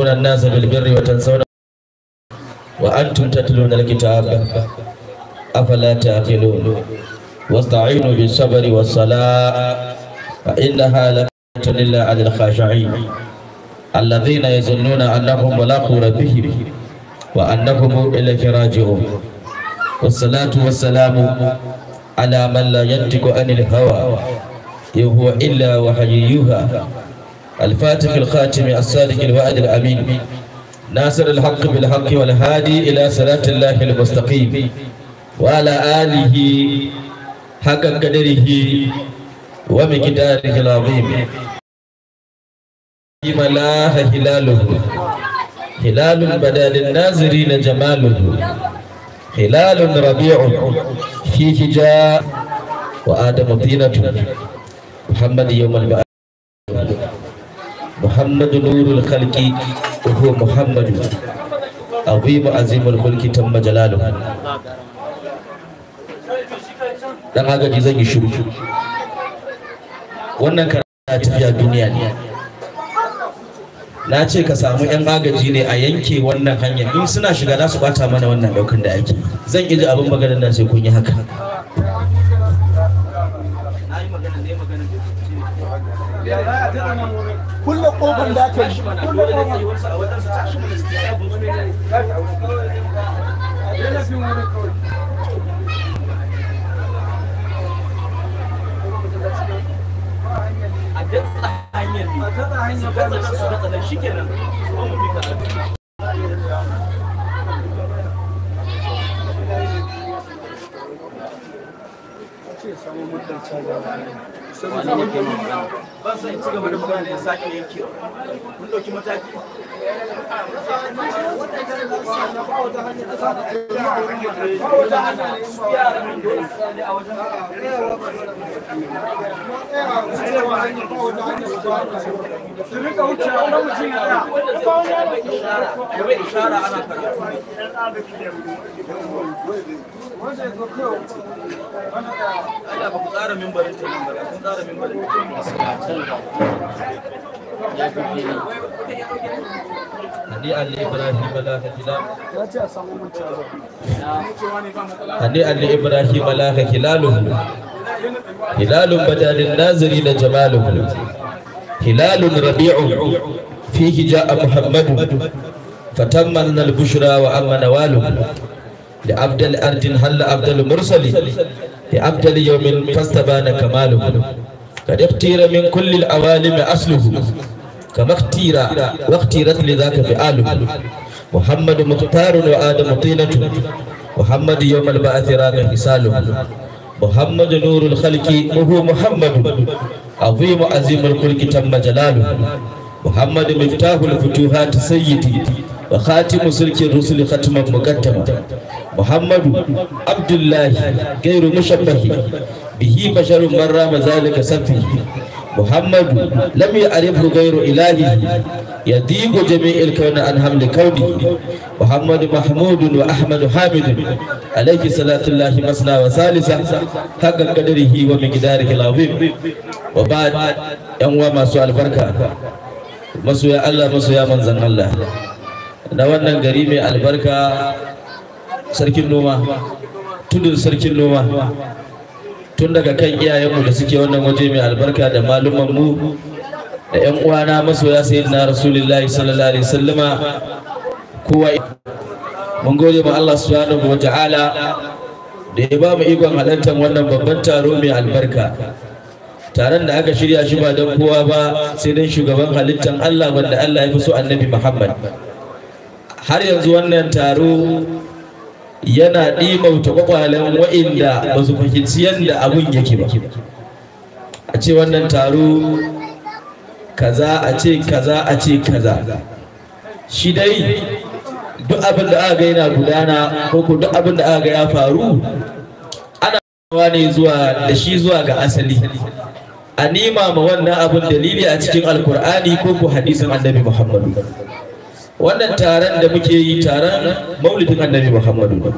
وتأمرون الناس بالبر وتنسون وأنتم تتلون الكتاب أفلا تعقلون واستعينوا بالصبر والصلاة فإنها لكنة إلا على الخاشعين الذين يظنون أنهم ملاقوا ربهم وأنهم إلى راجعون والصلاة والسلام على من لا ينطق عن الهوى إن هو إلا وحي يوحى الفاتح الخاتم الصادق الوعد الأمين ناصر الحق بالحق والهادي إلى صراط الله المستقيم وعلى آله حق قدره ومقداره العظيم لا هلاله هلال بدا للناظرين جماله هلال ربيع فيه جاء وآدم طينته محمد يوم البعث محمد نور الخلق وهو محمد عظيم عظيم الخلق تم جلاله dan agaji zan yi shiru wannan karatu tafiya duniya ne na ce ka samu yan agaji ne a yanke wannan hanyar in suna shiga za su bata mana wannan daukan da ake zan iji abin maganar nan sai kun yi haka كل قوبا ذاك كل Thank you. wani ya kai magana ban ci gaba da magana ya sake yankewa mun dauki mataki wani mutum ya da yabe ishara ana karatu wanda ya zo wanda ya ba ku tsara mimbarin ta nan ba Hadi Ali Ibrahim alaka Hilalu Hilalun badalin Nazari da jamalu Hilalun rabi'u fihi ja'a Muhammadu fatamman al-bushra wa amma nawalu da abdal ardin halla abdal mursali لأبجل يوم فاستبان كماله قد اختير من كل الأوالم أصله كما اختير واختيرت لذاك فعاله محمد مختار وآدم طينة محمد يوم البعث راك حساله محمد نور الخلق وهو محمد عظيم عظيم الخلق تم جلاله محمد مفتاح الفتوحات سيدي وخاتم سلك الرسل ختما مقدما muhammadu abdullahi gairu mushabbahi bihi basharun marra mazalika safi محمد لم يعرفه غير إلهه يديب جميع الكون عن حمل كونه محمد محمود وأحمد حامد عليه صلاة الله مثنى وثالثة حق قدره ومقداره العظيم وبعد يوم ما سوى البركة مسوى الله مسوى من زن الله نوانا قريمي البركة sarkin noma tudun sarkin noma tun daga kan iyayenmu da suke wannan waje mai albarka da mu da yan uwana masoya sayyid na rasulullahi sallallahu alaihi sallama kowa mun gode ma Allah subhanahu wa ta'ala da ya ba mu ikon halartar wannan babban taro mai albarka taron da aka shirya shi ba don kowa ba sai dan shugaban halittar Allah wanda Allah ya fi so annabi Muhammad har yanzu wannan taro yana ɗimauta kwakwalen wa'inda ba su fahimci yadda abun yake ba a ce wannan taro kaza a ce kaza a ce kaza shi dai duk abin da aka yana gudana ko ko duk abin da aka ga ya faru ana kawo ne zuwa da shi zuwa ga asali a nima ma wannan abin dalili a cikin alkur'ani ko ko hadisin annabi muhammadu wannan taron da muke yi taron maulidin annabi muhammadu